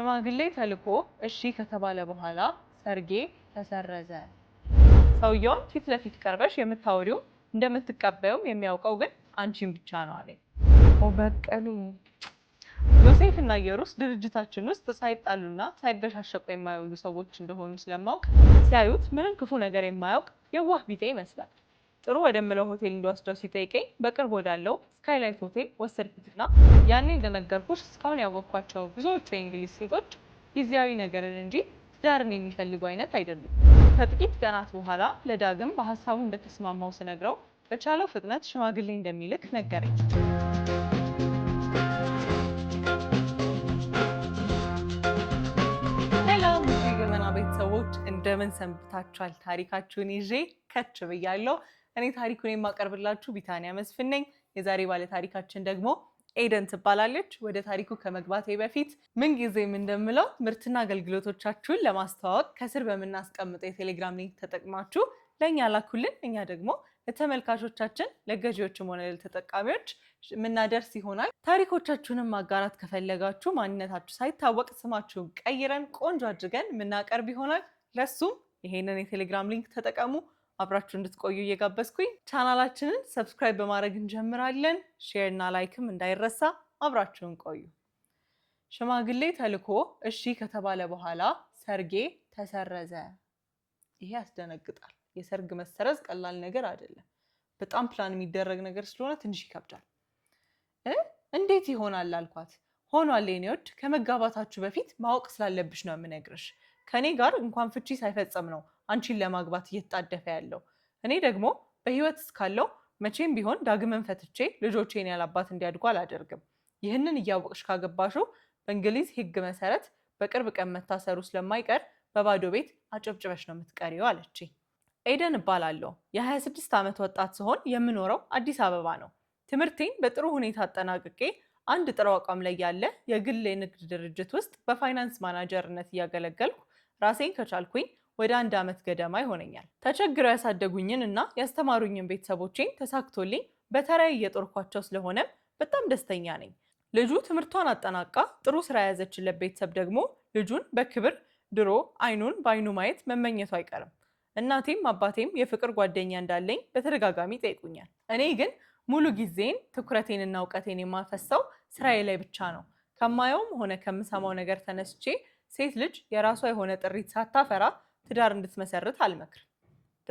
ሽማግሌ ተልኮ እሺ ከተባለ በኋላ ሰርጌ ተሰረዘ። ሰውየውን ፊት ለፊት ቀርበሽ የምታወሪው እንደምትቀበዩም የሚያውቀው ግን አንቺን ብቻ ነው አለኝ። በቀሉ ዮሴፍ እና ኢየሩስ ድርጅታችን ውስጥ ሳይጣሉና ሳይበሻሸቁ የማይውሉ ሰዎች እንደሆኑ ስለማውቅ ሲያዩት ምንም ክፉ ነገር የማያውቅ የዋህ ቢጤ ይመስላል። ጥሩ ወደምለው ሆቴል እንዲወስደው ሲጠይቀኝ በቅርብ ወዳለው ስካይላይት ሆቴል ወሰድኩትና ያኔ እንደነገርኩሽ እስካሁን ያወቅኳቸው ብዙዎቹ የእንግሊዝ ሴቶች ጊዜያዊ ነገርን እንጂ ዳርን የሚፈልጉ አይነት አይደሉም። ከጥቂት ቀናት በኋላ ለዳግም በሀሳቡ እንደተስማማው ስነግረው በቻለው ፍጥነት ሽማግሌ እንደሚልክ ነገረኝ። ሰዎች እንደምን ሰንብታችኋል? ታሪካችሁን ይዤ ከች ብያለሁ። እኔ ታሪኩን የማቀርብላችሁ ቢታንያ መስፍን ነኝ። የዛሬ ባለ ታሪካችን ደግሞ ኤደን ትባላለች። ወደ ታሪኩ ከመግባቴ በፊት ምንጊዜም እንደምለው ምርትና አገልግሎቶቻችሁን ለማስተዋወቅ ከስር በምናስቀምጠው የቴሌግራም ሊንክ ተጠቅማችሁ ለእኛ ላኩልን። እኛ ደግሞ ለተመልካቾቻችን ለገዢዎችም ሆነ ለተጠቃሚዎች የምናደርስ ይሆናል። ታሪኮቻችሁንም ማጋራት ከፈለጋችሁ ማንነታችሁ ሳይታወቅ ስማችሁን ቀይረን ቆንጆ አድርገን የምናቀርብ ይሆናል። ለሱም ይሄንን የቴሌግራም ሊንክ ተጠቀሙ። አብራችሁ እንድትቆዩ እየጋበዝኩኝ ቻናላችንን ሰብስክራይብ በማድረግ እንጀምራለን። ሼር እና ላይክም እንዳይረሳ፣ አብራችሁን ቆዩ። ሽማግሌ ተልኮ እሺ ከተባለ በኋላ ሰርጌ ተሰረዘ። ይሄ ያስደነግጣል። የሰርግ መሰረዝ ቀላል ነገር አይደለም። በጣም ፕላን የሚደረግ ነገር ስለሆነ ትንሽ ይከብዳል። እንዴት ይሆናል አልኳት። ሆኗል የኔዎች፣ ከመጋባታችሁ በፊት ማወቅ ስላለብሽ ነው የምነግርሽ። ከኔ ጋር እንኳን ፍቺ ሳይፈጸም ነው አንቺን ለማግባት እየተጣደፈ ያለው። እኔ ደግሞ በህይወት እስካለው መቼም ቢሆን ዳግመን ፈትቼ ልጆቼን ያላባት እንዲያድጉ አላደርግም። ይህንን እያወቅሽ ካገባሽው በእንግሊዝ ህግ መሰረት በቅርብ ቀን መታሰሩ ስለማይቀር በባዶ ቤት አጨብጭበሽ ነው የምትቀሪው አለች። ኤደን እባላለሁ። የ26 ዓመት ወጣት ሲሆን የምኖረው አዲስ አበባ ነው። ትምህርቴን በጥሩ ሁኔታ አጠናቅቄ አንድ ጥሩ አቋም ላይ ያለ የግል የንግድ ድርጅት ውስጥ በፋይናንስ ማናጀርነት እያገለገልኩ ራሴን ከቻልኩኝ ወደ አንድ ዓመት ገደማ ይሆነኛል። ተቸግረው ያሳደጉኝን እና ያስተማሩኝን ቤተሰቦቼን ተሳክቶልኝ በተራይ እየጦርኳቸው ስለሆነም በጣም ደስተኛ ነኝ። ልጁ ትምህርቷን አጠናቃ ጥሩ ስራ የያዘችለት ቤተሰብ ደግሞ ልጁን በክብር ድሮ አይኑን በአይኑ ማየት መመኘቱ አይቀርም። እናቴም አባቴም የፍቅር ጓደኛ እንዳለኝ በተደጋጋሚ ይጠይቁኛል። እኔ ግን ሙሉ ጊዜን ትኩረቴንና እውቀቴን የማፈሰው ስራዬ ላይ ብቻ ነው። ከማየውም ሆነ ከምሰማው ነገር ተነስቼ ሴት ልጅ የራሷ የሆነ ጥሪት ሳታፈራ ትዳር እንድትመሰርት አልመክርም።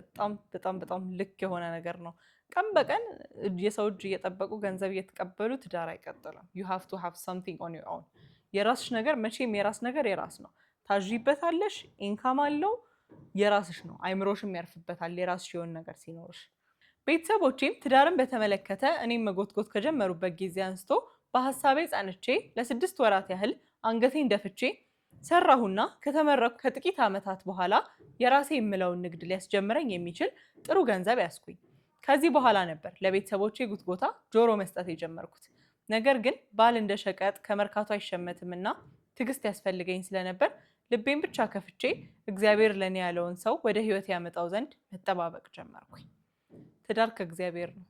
በጣም በጣም በጣም ልክ የሆነ ነገር ነው። ቀን በቀን የሰው እጅ እየጠበቁ ገንዘብ እየተቀበሉ ትዳር አይቀጥልም። ዩ ሃቭ ቱ ሃቭ ሰምቲንግ ኦን ዩር ኦውን። የራስሽ ነገር መቼም የራስ ነገር የራስ ነው። ታዥበታለሽ፣ ኢንካም አለው፣ የራስሽ ነው። አይምሮሽም ያርፍበታል የራስሽ የሆን ነገር ሲኖርሽ። ቤተሰቦቼም ትዳርን በተመለከተ እኔም መጎትጎት ከጀመሩበት ጊዜ አንስቶ በሀሳቤ ጸንቼ ለስድስት ወራት ያህል አንገቴን ደፍቼ ሰራሁና ከተመረኩ ከጥቂት ዓመታት በኋላ የራሴ የምለውን ንግድ ሊያስጀምረኝ የሚችል ጥሩ ገንዘብ ያስኩኝ። ከዚህ በኋላ ነበር ለቤተሰቦቼ ጉትጎታ ጆሮ መስጠት የጀመርኩት። ነገር ግን ባል እንደ ሸቀጥ ከመርካቶ አይሸመትም እና ትዕግስት ያስፈልገኝ ስለነበር ልቤን ብቻ ከፍቼ እግዚአብሔር ለእኔ ያለውን ሰው ወደ ህይወት ያመጣው ዘንድ መጠባበቅ ጀመርኩኝ። ትዳር ከእግዚአብሔር ነው።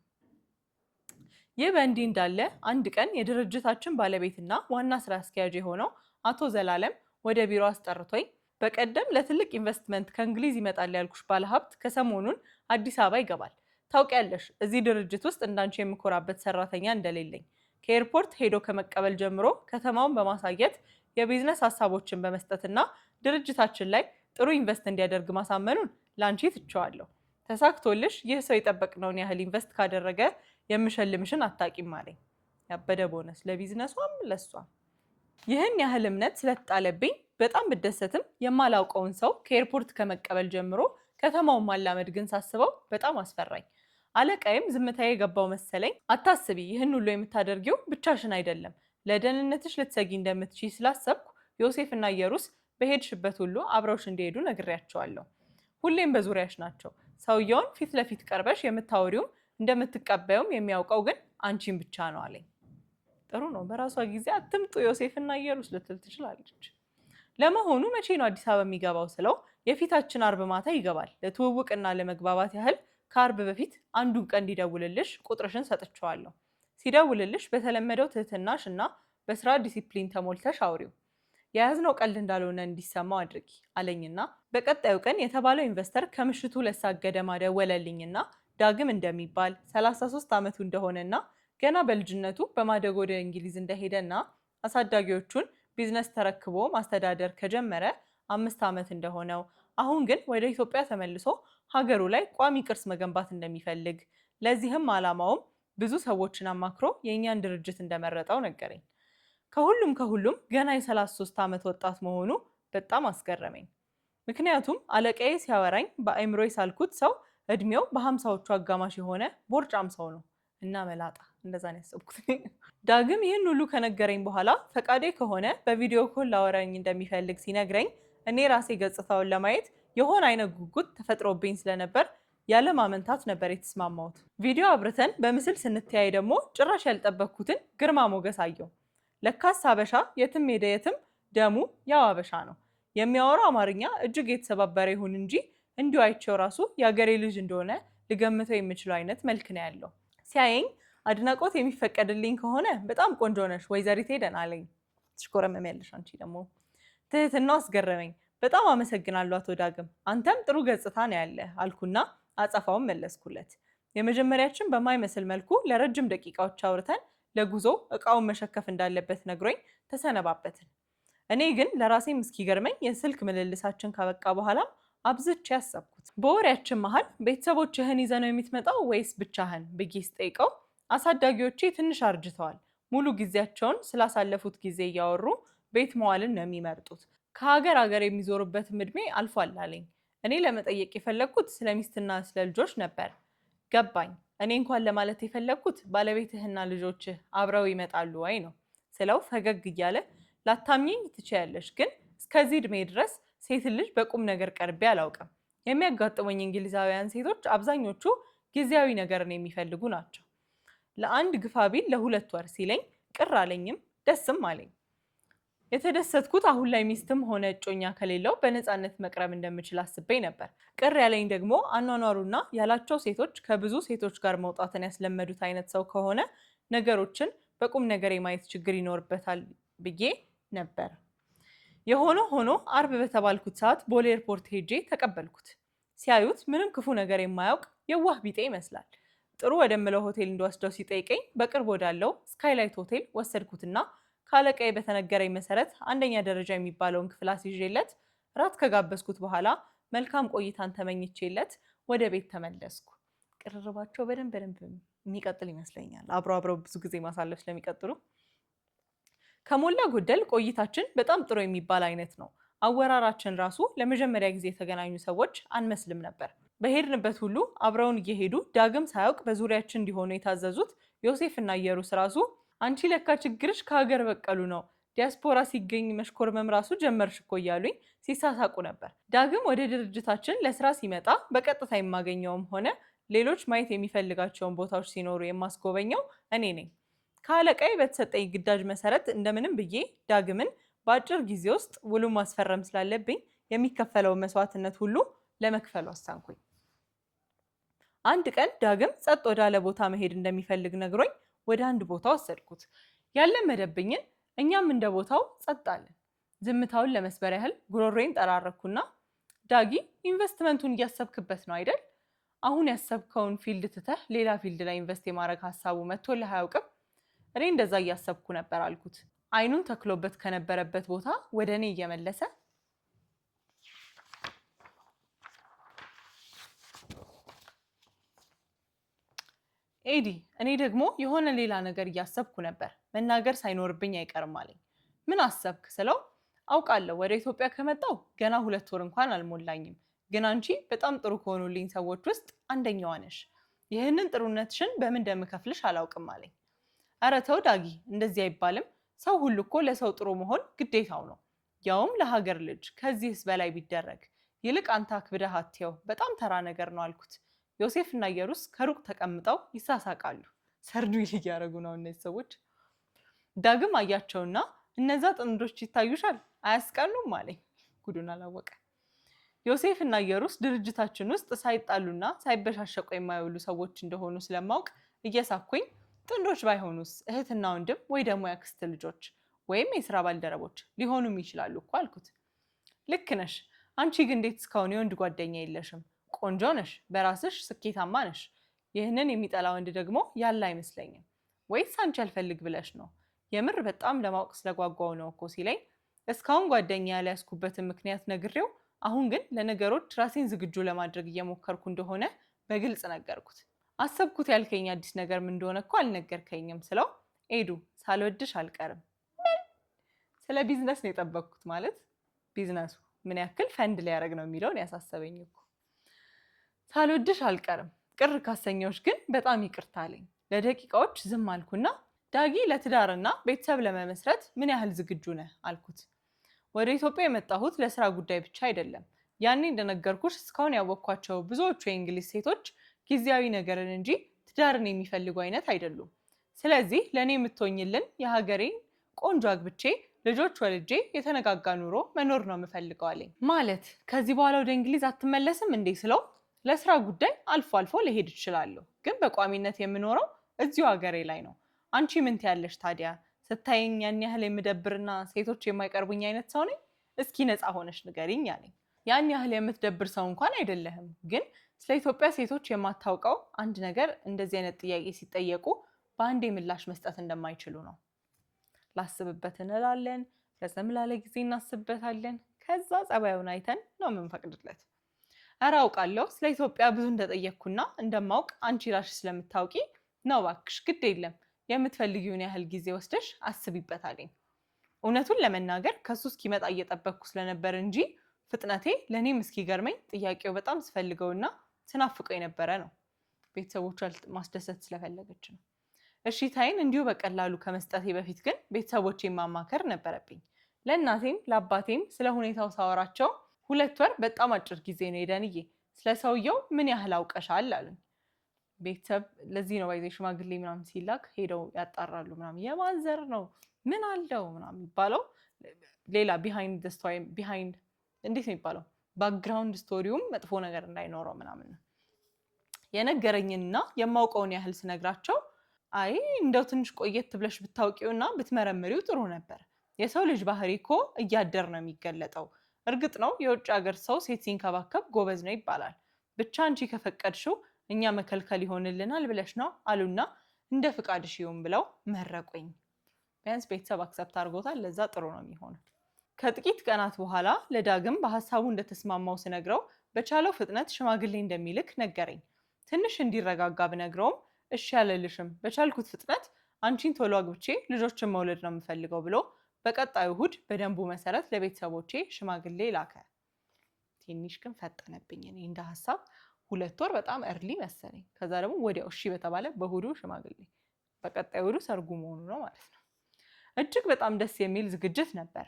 ይህ በእንዲህ እንዳለ አንድ ቀን የድርጅታችን ባለቤትና ዋና ስራ አስኪያጅ የሆነው አቶ ዘላለም ወደ ቢሮ አስጠርቶኝ በቀደም ለትልቅ ኢንቨስትመንት ከእንግሊዝ ይመጣል ያልኩሽ ባለሀብት ከሰሞኑን አዲስ አበባ ይገባል። ታውቂያለሽ እዚህ ድርጅት ውስጥ እንዳንቺ የምኮራበት ሰራተኛ እንደሌለኝ። ከኤርፖርት ሄዶ ከመቀበል ጀምሮ ከተማውን በማሳየት የቢዝነስ ሀሳቦችን በመስጠትና ድርጅታችን ላይ ጥሩ ኢንቨስት እንዲያደርግ ማሳመኑን ለአንቺ ትቼዋለሁ። ተሳክቶልሽ ይህ ሰው የጠበቅነውን ያህል ኢንቨስት ካደረገ የምሸልምሽን አታቂም አለኝ። ያበደ ቦነስ ለቢዝነሷም ለሷም። ይህን ያህል እምነት ስለተጣለብኝ በጣም ብደሰትም የማላውቀውን ሰው ከኤርፖርት ከመቀበል ጀምሮ ከተማውን ማላመድ ግን ሳስበው በጣም አስፈራኝ። አለቃይም ዝምታዬ የገባው መሰለኝ። አታስቢ፣ ይህን ሁሉ የምታደርጊው ብቻሽን አይደለም፣ ለደህንነትሽ ልትሰጊ እንደምትችይ ስላሰብኩ ዮሴፍና ኢየሩስ በሄድሽበት ሁሉ አብረውሽ እንዲሄዱ ነግሬያቸዋለሁ። ሁሌም በዙሪያሽ ናቸው። ሰውየውን ፊት ለፊት ቀርበሽ የምታወሪውም እንደምትቀበዩም የሚያውቀው ግን አንቺን ብቻ ነው አለኝ። ጥሩ ነው። በራሷ ጊዜ አትምጡ ዮሴፍና ኢየሩስ ልትል ትችላለች። ለመሆኑ መቼ ነው አዲስ አበባ የሚገባው ስለው የፊታችን አርብ ማታ ይገባል። ለትውውቅና ለመግባባት ያህል ከአርብ በፊት አንዱን ቀን እንዲደውልልሽ ቁጥርሽን ሰጥቸዋለሁ። ሲደውልልሽ በተለመደው ትህትናሽ እና በስራ ዲሲፕሊን ተሞልተሽ አውሪው። የያዝነው ቀልድ እንዳልሆነ እንዲሰማው አድርጊ አለኝና በቀጣዩ ቀን የተባለው ኢንቨስተር ከምሽቱ ለሳት ገደማ ደወለልኝና ዳግም እንደሚባል 33 ዓመቱ እንደሆነና ገና በልጅነቱ በማደጎ ወደ እንግሊዝ እንደሄደና አሳዳጊዎቹን ቢዝነስ ተረክቦ ማስተዳደር ከጀመረ አምስት ዓመት እንደሆነው አሁን ግን ወደ ኢትዮጵያ ተመልሶ ሀገሩ ላይ ቋሚ ቅርስ መገንባት እንደሚፈልግ ለዚህም ዓላማውም ብዙ ሰዎችን አማክሮ የእኛን ድርጅት እንደመረጠው ነገረኝ። ከሁሉም ከሁሉም ገና የ33 ዓመት ወጣት መሆኑ በጣም አስገረመኝ። ምክንያቱም አለቃዬ ሲያወራኝ በአእምሮ ሳልኩት ሰው እድሜው በሀምሳዎቹ አጋማሽ የሆነ ቦርጫም ሰው ነው እና መላጣ እንደዛ ነው ያሰብኩት። ዳግም ይህን ሁሉ ከነገረኝ በኋላ ፈቃዴ ከሆነ በቪዲዮ ኮል ላወራኝ እንደሚፈልግ ሲነግረኝ እኔ ራሴ ገጽታውን ለማየት የሆነ አይነት ጉጉት ተፈጥሮብኝ ስለነበር ያለ ማመንታት ነበር የተስማማሁት። ቪዲዮ አብርተን በምስል ስንተያይ ደግሞ ጭራሽ ያልጠበቅኩትን ግርማ ሞገስ አየው። ለካስ ሀበሻ የትም ሄደ የትም ደሙ ያው አበሻ ነው። የሚያወራው አማርኛ እጅግ የተሰባበረ ይሁን እንጂ እንዲሁ አይቼው ራሱ የአገሬ ልጅ እንደሆነ ልገምተው የምችለው አይነት መልክ ነው ያለው ሲያየኝ አድናቆት የሚፈቀድልኝ ከሆነ በጣም ቆንጆ ነሽ ወይዘሪት ሄደን አለኝ። ትሽኮረመሚያለሽ። አንቺ ደግሞ ትህትናው አስገረመኝ። በጣም አመሰግናለሁ አቶ ዳግም፣ አንተም ጥሩ ገጽታ ነው ያለ አልኩና አጸፋውን መለስኩለት። የመጀመሪያችን በማይመስል መልኩ ለረጅም ደቂቃዎች አውርተን ለጉዞ እቃውን መሸከፍ እንዳለበት ነግሮኝ ተሰነባበትን። እኔ ግን ለራሴም እስኪገርመኝ የስልክ ምልልሳችን ካበቃ በኋላ አብዝቼ ያሰብኩት በወሬያችን መሀል ቤተሰቦችህን ይዘህ ነው የምትመጣው ወይስ ብቻህን ብዬ ስጠይቀው አሳዳጊዎቼ ትንሽ አርጅተዋል። ሙሉ ጊዜያቸውን ስላሳለፉት ጊዜ እያወሩ ቤት መዋልን ነው የሚመርጡት። ከሀገር ሀገር የሚዞሩበትም እድሜ አልፏል አለኝ። እኔ ለመጠየቅ የፈለግኩት ስለ ሚስትና ስለ ልጆች ነበር። ገባኝ። እኔ እንኳን ለማለት የፈለግኩት ባለቤትህና ልጆችህ አብረው ይመጣሉ ወይ ነው ስለው ፈገግ እያለ ላታምኚኝ ትችያለሽ፣ ግን እስከዚህ እድሜ ድረስ ሴት ልጅ በቁም ነገር ቀርቤ አላውቅም። የሚያጋጥሙኝ እንግሊዛውያን ሴቶች አብዛኞቹ ጊዜያዊ ነገርን የሚፈልጉ ናቸው። ለአንድ ግፋቢል ለሁለት ወር ሲለኝ ቅር አለኝም ደስም አለኝ። የተደሰትኩት አሁን ላይ ሚስትም ሆነ እጮኛ ከሌለው በነፃነት መቅረብ እንደምችል አስቤ ነበር። ቅር ያለኝ ደግሞ አኗኗሩና ያላቸው ሴቶች ከብዙ ሴቶች ጋር መውጣትን ያስለመዱት አይነት ሰው ከሆነ ነገሮችን በቁም ነገር የማየት ችግር ይኖርበታል ብዬ ነበር። የሆነ ሆኖ አርብ በተባልኩት ሰዓት ቦሌ ኤርፖርት ሄጄ ተቀበልኩት። ሲያዩት ምንም ክፉ ነገር የማያውቅ የዋህ ቢጤ ይመስላል። ጥሩ ወደምለው ሆቴል እንዲወስደው ሲጠይቀኝ በቅርብ ወዳለው ስካይላይት ሆቴል ወሰድኩትና ከአለቃዬ በተነገረኝ መሰረት አንደኛ ደረጃ የሚባለውን ክፍል አስይዤለት ራት ከጋበዝኩት በኋላ መልካም ቆይታን ተመኝቼለት ወደ ቤት ተመለስኩ። ቅርርባቸው በደንብ በደንብ የሚቀጥል ይመስለኛል። አብሮ አብረው ብዙ ጊዜ ማሳለፍ ስለሚቀጥሉ ከሞላ ጎደል ቆይታችን በጣም ጥሩ የሚባል አይነት ነው። አወራራችን ራሱ ለመጀመሪያ ጊዜ የተገናኙ ሰዎች አንመስልም ነበር። በሄድንበት ሁሉ አብረውን እየሄዱ ዳግም ሳያውቅ በዙሪያችን እንዲሆኑ የታዘዙት ዮሴፍና ኢየሩስ ራሱ አንቺ ለካ ችግርሽ ከሀገር በቀሉ ነው፣ ዲያስፖራ ሲገኝ መሽኮር መምራሱ ጀመርሽ እኮ እያሉኝ ሲሳሳቁ ነበር። ዳግም ወደ ድርጅታችን ለስራ ሲመጣ በቀጥታ የማገኘውም ሆነ ሌሎች ማየት የሚፈልጋቸውን ቦታዎች ሲኖሩ የማስጎበኘው እኔ ነኝ። ከአለቃይ በተሰጠኝ ግዳጅ መሰረት እንደምንም ብዬ ዳግምን በአጭር ጊዜ ውስጥ ውሉ ማስፈረም ስላለብኝ የሚከፈለውን መስዋዕትነት ሁሉ ለመክፈል ወሰንኩኝ። አንድ ቀን ዳግም ጸጥ ወዳለ ቦታ መሄድ እንደሚፈልግ ነግሮኝ ወደ አንድ ቦታ ወሰድኩት። ያለመደብኝን እኛም እንደ ቦታው ጸጥ አለን። ዝምታውን ለመስበር ያህል ጉሮሬን ጠራረኩና ዳጊ ኢንቨስትመንቱን እያሰብክበት ነው አይደል? አሁን ያሰብከውን ፊልድ ትተህ ሌላ ፊልድ ላይ ኢንቨስት የማድረግ ሀሳቡ መጥቶልህ አያውቅም? እኔ እንደዛ እያሰብኩ ነበር አልኩት። አይኑን ተክሎበት ከነበረበት ቦታ ወደ እኔ እየመለሰ ኤዲ እኔ ደግሞ የሆነ ሌላ ነገር እያሰብኩ ነበር፣ መናገር ሳይኖርብኝ አይቀርም አለኝ። ምን አሰብክ ስለው አውቃለሁ ወደ ኢትዮጵያ ከመጣው ገና ሁለት ወር እንኳን አልሞላኝም፣ ግን አንቺ በጣም ጥሩ ከሆኑልኝ ሰዎች ውስጥ አንደኛዋ ነሽ። ይህንን ጥሩነትሽን በምን እንደምከፍልሽ አላውቅም አለኝ። ኧረ ተው ዳጊ፣ እንደዚህ አይባልም። ሰው ሁሉ እኮ ለሰው ጥሩ መሆን ግዴታው ነው፣ ያውም ለሀገር ልጅ። ከዚህስ በላይ ቢደረግ። ይልቅ አንተ አክብደህ አትየው፣ በጣም ተራ ነገር ነው አልኩት። ዮሴፍ እና ኢየሩስ ከሩቅ ተቀምጠው ይሳሳቃሉ። ይል እያደረጉ ነው እነዚህ ሰዎች። ዳግም አያቸውና እነዛ ጥንዶች ይታዩሻል አያስቀኑም አለኝ። ጉዱን አላወቀ። ዮሴፍ እና ኢየሩስ ድርጅታችን ውስጥ ሳይጣሉና ሳይበሻሸቁ የማይውሉ ሰዎች እንደሆኑ ስለማውቅ እየሳኩኝ ጥንዶች ባይሆኑስ እህትና ወንድም ወይ ደግሞ ያክስት ልጆች ወይም የስራ ባልደረቦች ሊሆኑም ይችላሉ እኮ አልኩት። ልክ ነሽ። አንቺ ግን እንዴት እስካሁን የወንድ ጓደኛ የለሽም? ቆንጆ ነሽ፣ በራስሽ ስኬታማ ነሽ። ይህንን የሚጠላ ወንድ ደግሞ ያለ አይመስለኝም። ወይስ አንቺ አልፈልግ ብለሽ ነው? የምር በጣም ለማወቅ ስለጓጓው ነው እኮ ሲለኝ እስካሁን ጓደኛ ያልያዝኩበትን ምክንያት ነግሬው፣ አሁን ግን ለነገሮች ራሴን ዝግጁ ለማድረግ እየሞከርኩ እንደሆነ በግልጽ ነገርኩት። አሰብኩት ያልከኝ አዲስ ነገር ምን እንደሆነ እኮ አልነገርከኝም ስለው ኤዱ ሳልወድሽ አልቀርም። ስለ ቢዝነስ ነው የጠበቅኩት። ማለት ቢዝነሱ ምን ያክል ፈንድ ሊያደርግ ነው የሚለውን ያሳሰበኝ እኮ ሳልወድሽ አልቀርም ቅር ካሰኘዎች ግን በጣም ይቅርታ አለኝ። ለደቂቃዎች ዝም አልኩና ዳጊ ለትዳርና ቤተሰብ ለመመስረት ምን ያህል ዝግጁ ነህ አልኩት። ወደ ኢትዮጵያ የመጣሁት ለስራ ጉዳይ ብቻ አይደለም። ያኔ እንደነገርኩሽ እስካሁን ያወቅኳቸው ብዙዎቹ የእንግሊዝ ሴቶች ጊዜያዊ ነገርን እንጂ ትዳርን የሚፈልጉ አይነት አይደሉም። ስለዚህ ለእኔ የምትሆኝልን የሀገሬን ቆንጆ አግብቼ ልጆች ወልጄ የተነጋጋ ኑሮ መኖር ነው የምፈልገው አለኝ። ማለት ከዚህ በኋላ ወደ እንግሊዝ አትመለስም እንዴ ስለው ለስራ ጉዳይ አልፎ አልፎ ልሄድ እችላለሁ፣ ግን በቋሚነት የምኖረው እዚሁ ሀገሬ ላይ ነው። አንቺ ምን ትያለሽ ታዲያ? ስታይኝ ያን ያህል የምደብርና ሴቶች የማይቀርቡኝ አይነት ሰው ነኝ? እስኪ ነፃ ሆነሽ ንገሪኝ አለኝ። ያን ያህል የምትደብር ሰው እንኳን አይደለህም፣ ግን ስለ ኢትዮጵያ ሴቶች የማታውቀው አንድ ነገር እንደዚህ አይነት ጥያቄ ሲጠየቁ በአንዴ ምላሽ መስጠት እንደማይችሉ ነው። ላስብበት እንላለን፣ ረዘም ላለ ጊዜ እናስብበታለን። ከዛ ጸባዩን አይተን ነው የምንፈቅድለት። ኧረ አውቃለሁ ስለ ኢትዮጵያ ብዙ እንደጠየቅኩና እንደማውቅ አንቺ ራሽ ስለምታውቂ ነው። እባክሽ ግድ የለም የምትፈልጊውን ያህል ጊዜ ወስደሽ አስቢበት እውነቱን ለመናገር ከሱ እስኪመጣ እየጠበቅኩ ስለነበር እንጂ ፍጥነቴ ለእኔም እስኪገርመኝ ጥያቄው በጣም ስፈልገውና ስናፍቀው የነበረ ነው። ቤተሰቦቿን ማስደሰት ስለፈለገች ነው። እሺታይን እንዲሁ በቀላሉ ከመስጠቴ በፊት ግን ቤተሰቦቼን ማማከር ነበረብኝ። ለእናቴም ለአባቴም ስለ ሁኔታው ሳወራቸው ሁለት ወር በጣም አጭር ጊዜ ነው የደንዬ። ስለ ሰውየው ምን ያህል አውቀሻል አሉኝ። ቤተሰብ ለዚህ ነው ባይዘ ሽማግሌ ምናምን ሲላክ ሄደው ያጣራሉ ምናምን የማዘር ነው ምን አለው ምናምን የሚባለው ሌላ ቢሃይንድ ቢሃይንድ እንዴት ነው የሚባለው ባክግራውንድ ስቶሪውም መጥፎ ነገር እንዳይኖረው ምናምን ነው የነገረኝንና የማውቀውን ያህል ስነግራቸው አይ እንደው ትንሽ ቆየት ብለሽ ብታውቂውና ብትመረምሪው ጥሩ ነበር። የሰው ልጅ ባህሪ እኮ እያደር ነው የሚገለጠው እርግጥ ነው የውጭ ሀገር ሰው ሴት ሲንከባከብ ጎበዝ ነው ይባላል። ብቻ አንቺ ከፈቀድሽው እኛ መከልከል ይሆንልናል ብለሽ ነው አሉና እንደ ፍቃድሽ ይሁን ብለው መረቁኝ። ቢያንስ ቤተሰብ አክሰብት አድርጎታል። ለዛ ጥሩ ነው የሚሆነው። ከጥቂት ቀናት በኋላ ለዳግም በሀሳቡ እንደተስማማው ስነግረው በቻለው ፍጥነት ሽማግሌ እንደሚልክ ነገረኝ። ትንሽ እንዲረጋጋ ብነግረውም እሺ ያለልሽም፣ በቻልኩት ፍጥነት አንቺን ቶሎ አግብቼ ልጆችን መውለድ ነው የምፈልገው ብሎ በቀጣዩ እሁድ በደንቡ መሰረት ለቤተሰቦቼ ሽማግሌ ላከ። ትንሽ ግን ፈጠነብኝ። እኔ እንደ ሀሳብ ሁለት ወር በጣም እርሊ መሰለኝ። ከዛ ደግሞ ወዲያው እሺ በተባለ በእሁዱ ሽማግሌ፣ በቀጣዩ እሁዱ ሰርጉ መሆኑ ነው ማለት ነው። እጅግ በጣም ደስ የሚል ዝግጅት ነበር።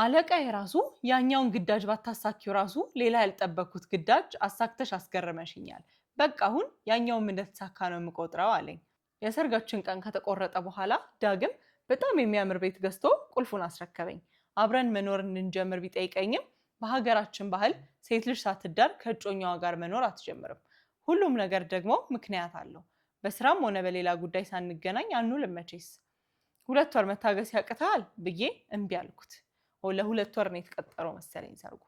አለቃ የራሱ ያኛውን ግዳጅ ባታሳኪው ራሱ ሌላ ያልጠበኩት ግዳጅ አሳክተሽ አስገረመሽኛል በቃ አሁን ያኛውም እንደተሳካ ነው የምቆጥረው አለኝ። የሰርጋችን ቀን ከተቆረጠ በኋላ ዳግም በጣም የሚያምር ቤት ገዝቶ ቁልፉን አስረከበኝ። አብረን መኖር እንድንጀምር ቢጠይቀኝም በሀገራችን ባህል ሴት ልጅ ሳትዳር ከእጮኛዋ ጋር መኖር አትጀምርም። ሁሉም ነገር ደግሞ ምክንያት አለው። በስራም ሆነ በሌላ ጉዳይ ሳንገናኝ አኑ ልመቼስ ሁለት ወር መታገስ ያቅተሃል ብዬ እምቢ አልኩት። ለሁለት ወር ነው የተቀጠረው መሰለኝ ሰርጉ።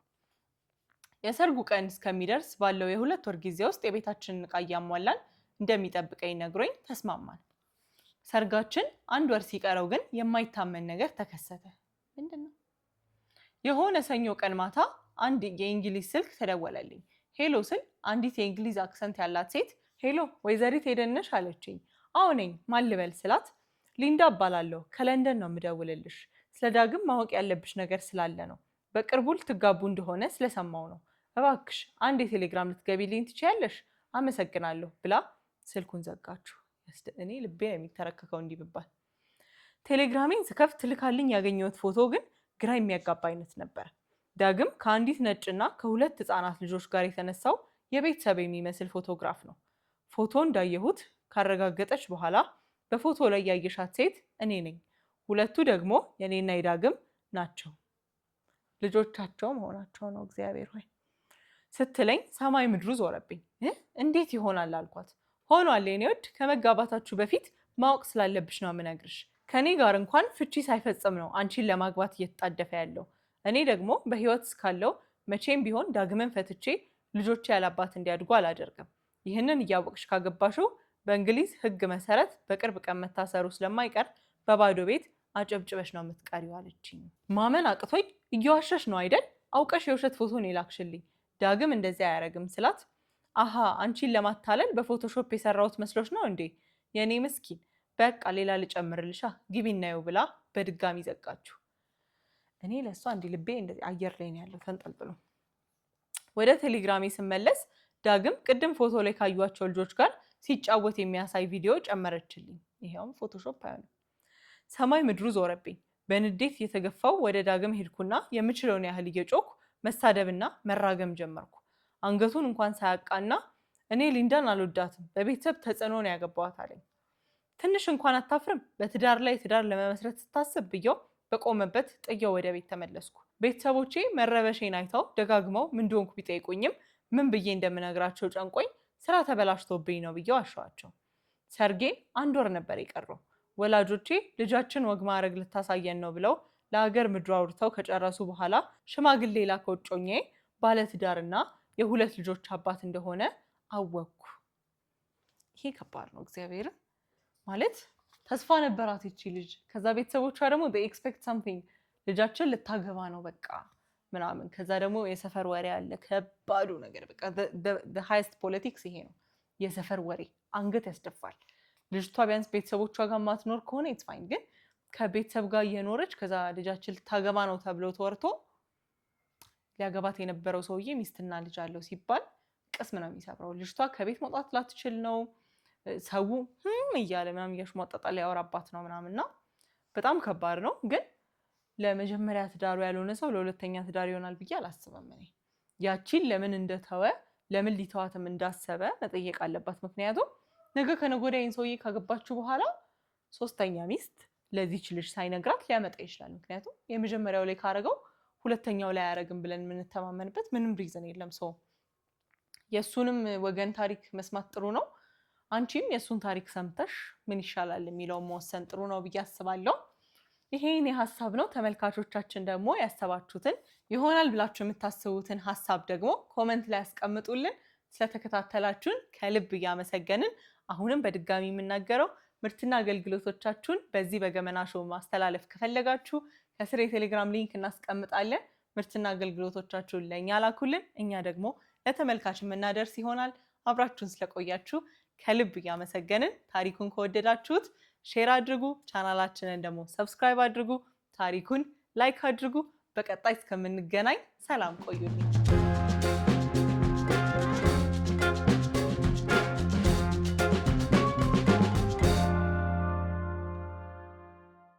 የሰርጉ ቀን እስከሚደርስ ባለው የሁለት ወር ጊዜ ውስጥ የቤታችንን እቃ እያሟላን እንደሚጠብቀኝ ነግሮኝ ተስማማን። ሰርጋችን አንድ ወር ሲቀረው ግን የማይታመን ነገር ተከሰተ። ምንድን ነው? የሆነ ሰኞ ቀን ማታ አንድ የእንግሊዝ ስልክ ተደወለልኝ። ሄሎ ስል አንዲት የእንግሊዝ አክሰንት ያላት ሴት ሄሎ ወይዘሪት ሄደንሽ አለችኝ። አዎ ነኝ፣ ማን ልበል ስላት ሊንዳ እባላለሁ ከለንደን ነው የምደውልልሽ። ስለ ዳግም ማወቅ ያለብሽ ነገር ስላለ ነው። በቅርቡ ልትጋቡ እንደሆነ ስለሰማው ነው። እባክሽ አንድ የቴሌግራም ልትገቢልኝ ትችያለሽ? አመሰግናለሁ ብላ ስልኩን ዘጋችሁ። እኔ ልቤ ነው የሚተረከከው እንዲህ ቴሌግራሜን ስከፍት ትልካልኝ ያገኘሁት ፎቶ ግን ግራ የሚያጋባ አይነት ነበር። ዳግም ከአንዲት ነጭና ከሁለት ህፃናት ልጆች ጋር የተነሳው የቤተሰብ የሚመስል ፎቶግራፍ ነው። ፎቶ እንዳየሁት ካረጋገጠች በኋላ በፎቶ ላይ ያየሻት ሴት እኔ ነኝ፣ ሁለቱ ደግሞ የእኔና የዳግም ናቸው። ልጆቻቸው መሆናቸው ነው። እግዚአብሔር ሆይ ስትለኝ ሰማይ ምድሩ ዞረብኝ። እንዴት ይሆናል አልኳት። ሆኗል የኔ ወድ፣ ከመጋባታችሁ በፊት ማወቅ ስላለብሽ ነው የምነግርሽ። ከኔ ጋር እንኳን ፍቺ ሳይፈጽም ነው አንቺን ለማግባት እየተጣደፈ ያለው። እኔ ደግሞ በህይወት እስካለው መቼም ቢሆን ዳግምን ፈትቼ ልጆች ያላባት እንዲያድጉ አላደርግም። ይህንን እያወቅሽ ካገባሽው በእንግሊዝ ህግ መሰረት በቅርብ ቀን መታሰሩ ስለማይቀር በባዶ ቤት አጨብጭበሽ ነው የምትቀሪው አለችኝ። ማመን አቅቶኝ እየዋሸሽ ነው አይደል? አውቀሽ የውሸት ፎቶን የላክሽልኝ ዳግም እንደዚህ አያረግም ስላት፣ አሃ አንቺን ለማታለል በፎቶሾፕ የሰራሁት መስሎች ነው እንዴ? የእኔ ምስኪን፣ በቃ ሌላ ልጨምርልሻ ግቢ እናየው ብላ በድጋሚ ዘጋችሁ። እኔ ለእሷ እንዲህ ልቤ አየር ላይ ነው ያለው ተንጠልጥሎ። ወደ ቴሌግራሜ ስመለስ ዳግም ቅድም ፎቶ ላይ ካዩቸው ልጆች ጋር ሲጫወት የሚያሳይ ቪዲዮ ጨመረችልኝ። ይሄውም ፎቶሾፕ አይሆንም። ሰማይ ምድሩ ዞረብኝ። በንዴት እየተገፋው ወደ ዳግም ሄድኩና የምችለውን ያህል እየጮኩ መሳደብና መራገም ጀመርኩ። አንገቱን እንኳን ሳያቃና እኔ ሊንዳን አልወዳትም፣ በቤተሰብ ተጽዕኖ ነው ያገባዋት አለኝ። ትንሽ እንኳን አታፍርም፣ በትዳር ላይ ትዳር ለመመስረት ስታስብ ብየው በቆመበት ጥየው ወደ ቤት ተመለስኩ። ቤተሰቦቼ መረበሼን አይተው ደጋግመው ምን እንደሆንኩ ቢጠይቁኝም ምን ብዬ እንደምነግራቸው ጨንቆኝ ስራ ተበላሽቶብኝ ነው ብየው አሸዋቸው። ሰርጌ አንድ ወር ነበር የቀረው። ወላጆቼ ልጃችን ወግ ማዕረግ ልታሳየን ነው ብለው ለሀገር ምድር አውርተው ከጨረሱ በኋላ ሽማግሌ ላከ እጮኛዬ ባለትዳርና የሁለት ልጆች አባት እንደሆነ አወቅኩ። ይሄ ከባድ ነው። እግዚአብሔርን ማለት ተስፋ ነበራት ይቺ ልጅ። ከዛ ቤተሰቦቿ ደግሞ ኤክስፔክት ሳምቲንግ ልጃችን ልታገባ ነው በቃ ምናምን። ከዛ ደግሞ የሰፈር ወሬ አለ። ከባዱ ነገር በቃ ሃይስት ፖለቲክስ ይሄ ነው። የሰፈር ወሬ አንገት ያስደፋል። ልጅቷ ቢያንስ ቤተሰቦቿ ጋር ማትኖር ከሆነ ኢትስ ፋይን ግን ከቤተሰብ ጋር እየኖረች ከዛ ልጃችን ልታገባ ነው ተብሎ ተወርቶ ሊያገባት የነበረው ሰውዬ ሚስትና ልጅ አለው ሲባል ቅስም ነው የሚሰብረው። ልጅቷ ከቤት መውጣት ላትችል ነው። ሰው ህም እያለ ምናምን እያሽሟጠጠ ሊያወራባት ነው ምናምንና በጣም ከባድ ነው። ግን ለመጀመሪያ ትዳሩ ያልሆነ ሰው ለሁለተኛ ትዳር ይሆናል ብዬ አላስብም። እኔ ያቺን ለምን እንደተወ ለምን ሊተዋትም እንዳሰበ መጠየቅ አለባት። ምክንያቱም ነገ ከነገ ወዲያ ይህን ሰውዬ ካገባችሁ በኋላ ሶስተኛ ሚስት ለዚች ልጅ ሳይነግራት ሊያመጣ ይችላል። ምክንያቱም የመጀመሪያው ላይ ካረገው ሁለተኛው ላይ አያረግም ብለን የምንተማመንበት ምንም ሪዝን የለም። ሰው የእሱንም ወገን ታሪክ መስማት ጥሩ ነው። አንቺም የእሱን ታሪክ ሰምተሽ ምን ይሻላል የሚለው መወሰን ጥሩ ነው ብዬ አስባለሁ። ይሄን የሀሳብ ነው። ተመልካቾቻችን ደግሞ ያሰባችሁትን ይሆናል ብላችሁ የምታስቡትን ሀሳብ ደግሞ ኮመንት ላይ ያስቀምጡልን። ስለተከታተላችሁን ከልብ እያመሰገንን አሁንም በድጋሚ የምናገረው ምርትና አገልግሎቶቻችሁን በዚህ በገመና ሾው ማስተላለፍ ከፈለጋችሁ ከስር የቴሌግራም ሊንክ እናስቀምጣለን። ምርትና አገልግሎቶቻችሁን ለእኛ ላኩልን፣ እኛ ደግሞ ለተመልካች የምናደርስ ይሆናል። አብራችሁን ስለቆያችሁ ከልብ እያመሰገንን ታሪኩን ከወደዳችሁት ሼር አድርጉ፣ ቻናላችንን ደግሞ ሰብስክራይብ አድርጉ፣ ታሪኩን ላይክ አድርጉ። በቀጣይ እስከምንገናኝ ሰላም ቆዩልኝ።